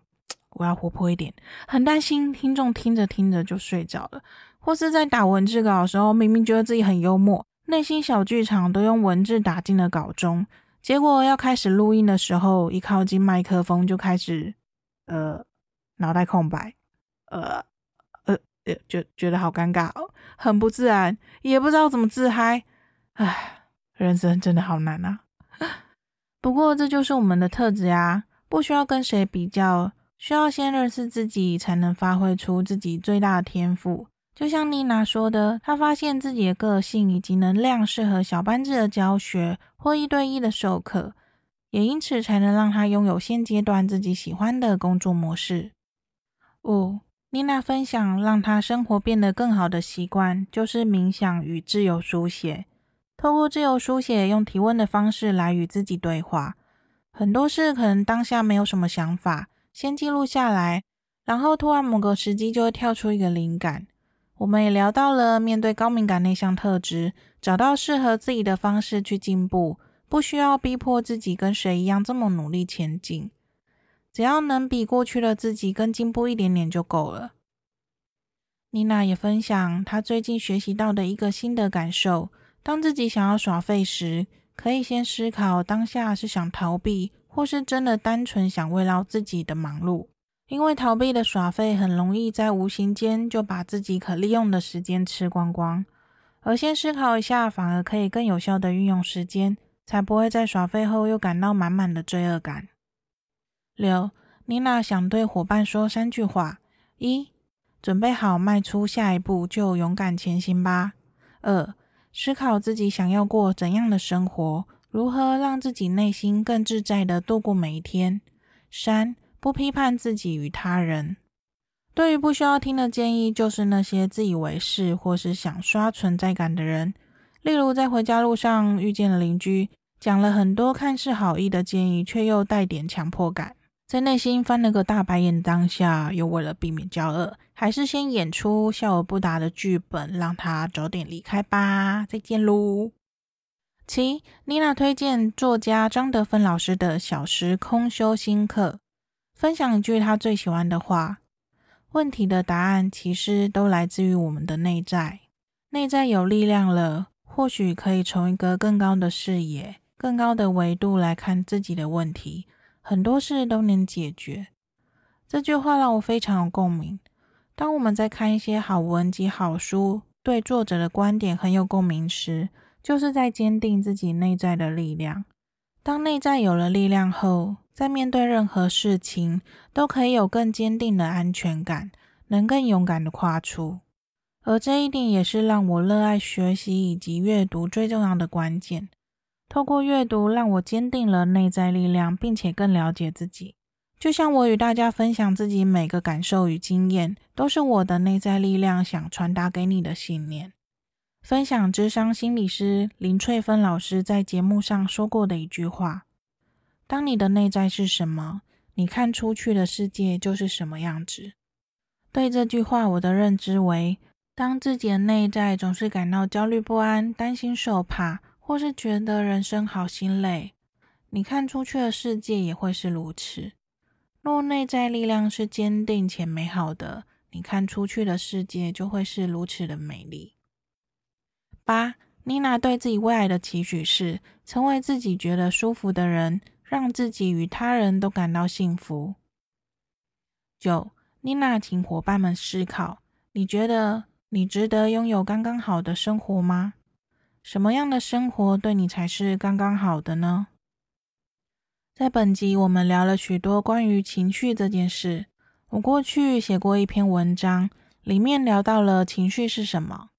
我要活潑一點。”很擔心聽眾聽着聽着就睡着了，或是在打文字稿的時候，明明覺得自己很幽默，內心小劇場都用文字打進了稿中，結果要開始錄音的時候，一靠近麥克風就開始。呃，腦袋空白，呃，呃，呃覺得覺得好尷尬哦，很不自然，也不知道怎麼自嗨，唉，人生真的好難啊。 不過這就是我們的特質啊，不需要跟誰比較，需要先認識自己，才能發揮出自己最大的天賦。就像妮娜說的，她發現自己的個性以及能量適合小班制的教學或一對一的授課。也因此才能讓他擁有現階段自己喜歡的工作模式。五、哦，妮娜分享讓他生活變得更好的習慣，就是冥想與自由書寫。透過自由書寫，用提問的方式來與自己對話。很多事可能當下沒有什麼想法，先記錄下來，然後突然某個時機就會跳出一個靈感。我們也聊到了面對高敏感內向特質，找到適合自己的方式去進步。不需要逼迫自己跟誰一樣這麼努力前進，只要能比過去的自己更進步一點點就夠了。妮娜也分享她最近學習到的一個新的感受：當自己想要耍廢時，可以先思考當下是想逃避，或是真的單純想慰勞自己的忙碌。因為逃避的耍廢很容易在無形間就把自己可利用的時間吃光光，而先思考一下，反而可以更有效的運用時間。才不會在耍廢後又感到滿滿的罪惡感。六，妮娜想對夥伴說三句話：一，準備好邁出下一步就勇敢前行吧；二，思考自己想要過怎樣的生活，如何讓自己內心更自在地度過每一天；三，不批判自己與他人。對於不需要聽的建議，就是那些自以為是或是想刷存在感的人，例如在回家路上遇見了鄰居。講了很多看似好意的建議，卻又帶點強迫感，在內心翻了個大白眼。當下又為了避免交惡，還是先演出笑而不答的劇本，讓他早點離開吧。再見嘍。七，妮娜推薦作家張德芬老師的《小時空修心課》，分享一句她最喜歡的話：“問題的答案其實都來自於我們的內在，內在有力量了，或許可以從一個更高的視野。”更高的維度來看自己的問題，很多事都能解決。這句話讓我非常有共鳴。當我們在看一些好文及好書，對作者的觀點很有共鳴時，就是在堅定自己內在的力量。當內在有了力量後，在面對任何事情，都可以有更堅定的安全感，能更勇敢的跨出。而這一點也是讓我熱愛學習以及閱讀最重要的關鍵。透過閱讀，讓我堅定了內在力量，並且更了解自己。就像我與大家分享自己每個感受與經驗，都是我的內在力量想傳達給你的信念。分享諮商心理師林翠芬老師在節目上說過的一句話：“當你的內在是什麼，你看出去的世界就是什麼樣子。”對這句話，我的認知為：當自己的內在總是感到焦慮不安、擔心受怕。或是覺得人生好心累，你看出去的世界也會是如此。若內在力量是堅定且美好的，你看出去的世界就會是如此的美麗。八，Nina 對自己未來的期許是成為自己覺得舒服的人，讓自己與他人都感到幸福。九，Nina 請夥伴們思考：你覺得你值得擁有剛剛好的生活嗎？什麼樣的生活對你才是剛剛好的呢？在本集，我們聊了許多關於情緒這件事。我過去寫過一篇文章，裡面聊到了情緒是什麼。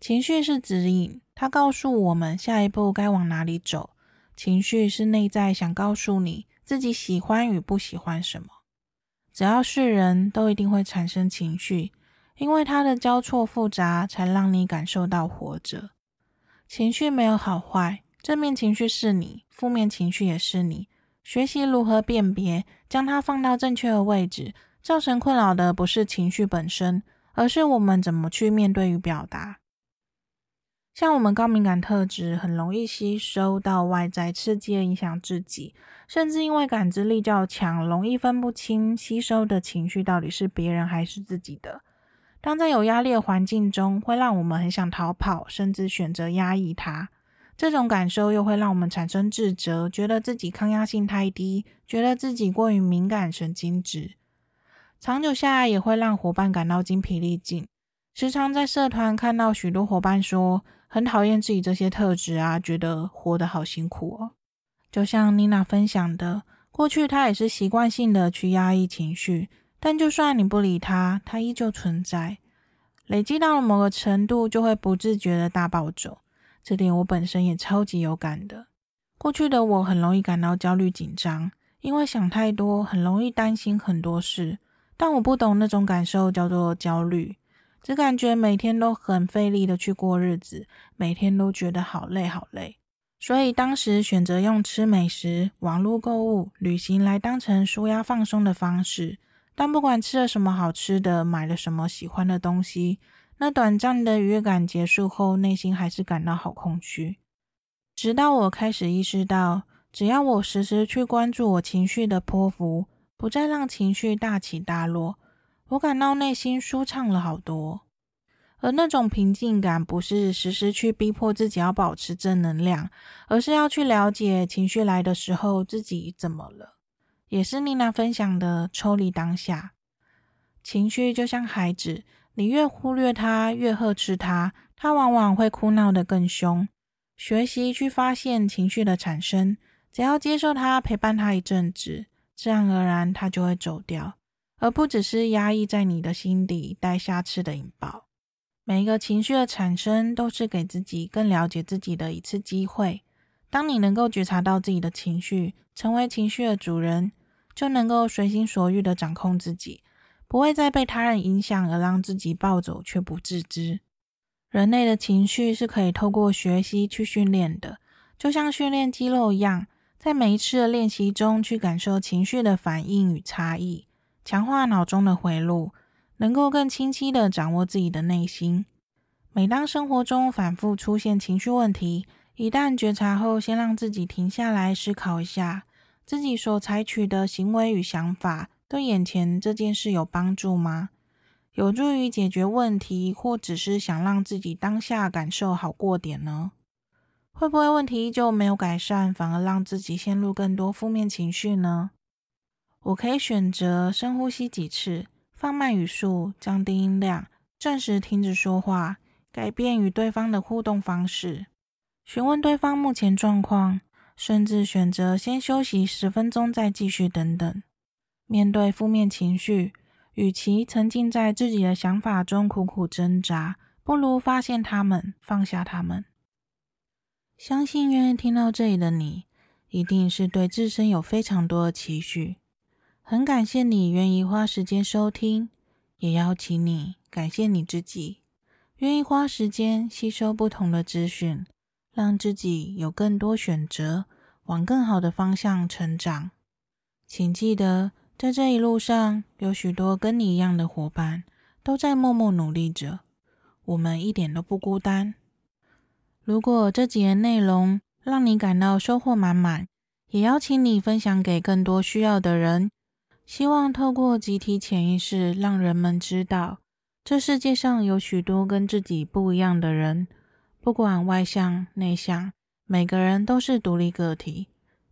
情緒是指引，它告訴我們下一步該往哪裡走。情緒是內在想告訴你自己喜歡與不喜歡什麼。只要是人都一定會產生情緒，因為它的交錯複雜，才讓你感受到活着。情緒沒有好壞，正面情緒是你，負面情緒也是你。學習如何辨別，將它放到正確的位置。造成困擾的不是情緒本身，而是我們怎麼去面對與表達。像我們高敏感特質，很容易吸收到外在刺激的影響自己，甚至因為感知力較強，容易分不清吸收的情緒到底是別人還是自己的。當在有壓力的環境中，會讓我們很想逃跑，甚至選擇壓抑它。這種感受又會讓我們產生自責，覺得自己抗壓性太低，覺得自己過於敏感、神經質。長久下來，也會讓夥伴，伴感到精疲力盡。時常在社團看到許多夥伴說：“很討厭自己這些特質啊，覺得活得好辛苦哦。”就像妮娜分享的，過去她也是習慣性的去壓抑情緒。但就算你不理他，他依舊存在。累積到了某個程度，就會不自覺地大暴走。這點我本身也超級有感的。過去的我很容易感到焦慮緊張，因為想太多，很容易擔心很多事。但我不懂那種感受，叫做焦慮，只感覺每天都很費力地去過日子，每天都覺得好累好累。所以當時選擇用吃美食、網絡購物、旅行來當成舒壓放鬆的方式。但不管吃了什麼好吃的，買了什麼喜歡的東西，那短暫的愉悅感結束後，內心還是感到好空虛。直到我開始意識到，只要我時時去關注我情緒的波幅，不再讓情緒大起大落，我感到內心舒暢了好多。而那種平靜感，不是時時去逼迫自己要保持正能量，而是要去了解情緒來的時候自己怎麼了。也是妮娜分享的抽離當下，情緒就像孩子，你越忽略他，越呵斥他，他往往會哭鬧得更凶。學習去發現情緒的產生，只要接受他，陪伴他一陣子，自然而然他就會走掉，而不只是壓抑在你的心底，待下次的引爆。每一個情緒的產生，都是給自己更了解自己的一次機會。當你能夠覺察到自己的情緒，成為情緒的主人，就能夠隨心所欲的掌控自己，不會再被他人影響而讓自己暴走卻不自知。人類的情緒是可以透過學習去訓練的，就像訓練肌肉一樣，在每一次的練習中去感受情緒的反應與差異，強化腦中的回路，能夠更清晰的掌握自己的內心。每當生活中反覆出現情緒問題，一旦覺察後，先讓自己停下來思考一下。自己所採取的行為與想法對眼前這件事有幫助嗎？有助於解決問題，或只是想讓自己當下感受好過點呢？會不會問題依舊沒有改善，反而讓自己陷入更多負面情緒呢？我可以選擇深呼吸幾次，放慢語速，降低音量，暫時停止說話，改變與對方的互動方式，詢問對方目前狀況。甚至選擇先休息十分鐘再繼續等等。面對負面情緒，與其沉浸在自己的想法中苦苦掙扎，不如發現他們，放下他們。相信願意聽到這裡的你，一定是對自身有非常多的期許。很感謝你願意花時間收聽，也邀請你感謝你自己，願意花時間吸收不同的資訊。讓自己有更多選擇，往更好的方向成長。請記得，在這一路上，有許多跟你一樣的夥伴都在默默努力着，我們一點都不孤單。如果這集內容讓你感到收穫滿滿，也邀請你分享給更多需要的人。希望透過集體潛意識，讓人們知道，這世界上有許多跟自己不一樣的人。不管外向內向，每個人都是獨立個體。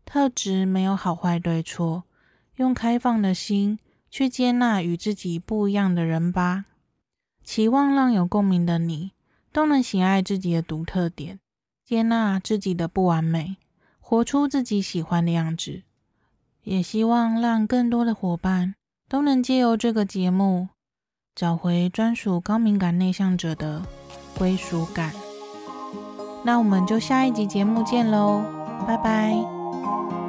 特質沒有好壞對錯，用開放的心去接納與自己不一樣的人吧。期望讓有共鳴的你都能喜愛自己的獨特點，接納自己的不完美，活出自己喜歡的樣子。也希望讓更多的夥伴都能借由這個節目，找回專屬高敏感內向者的歸屬感。那我們就下一集節目見嘍，拜拜。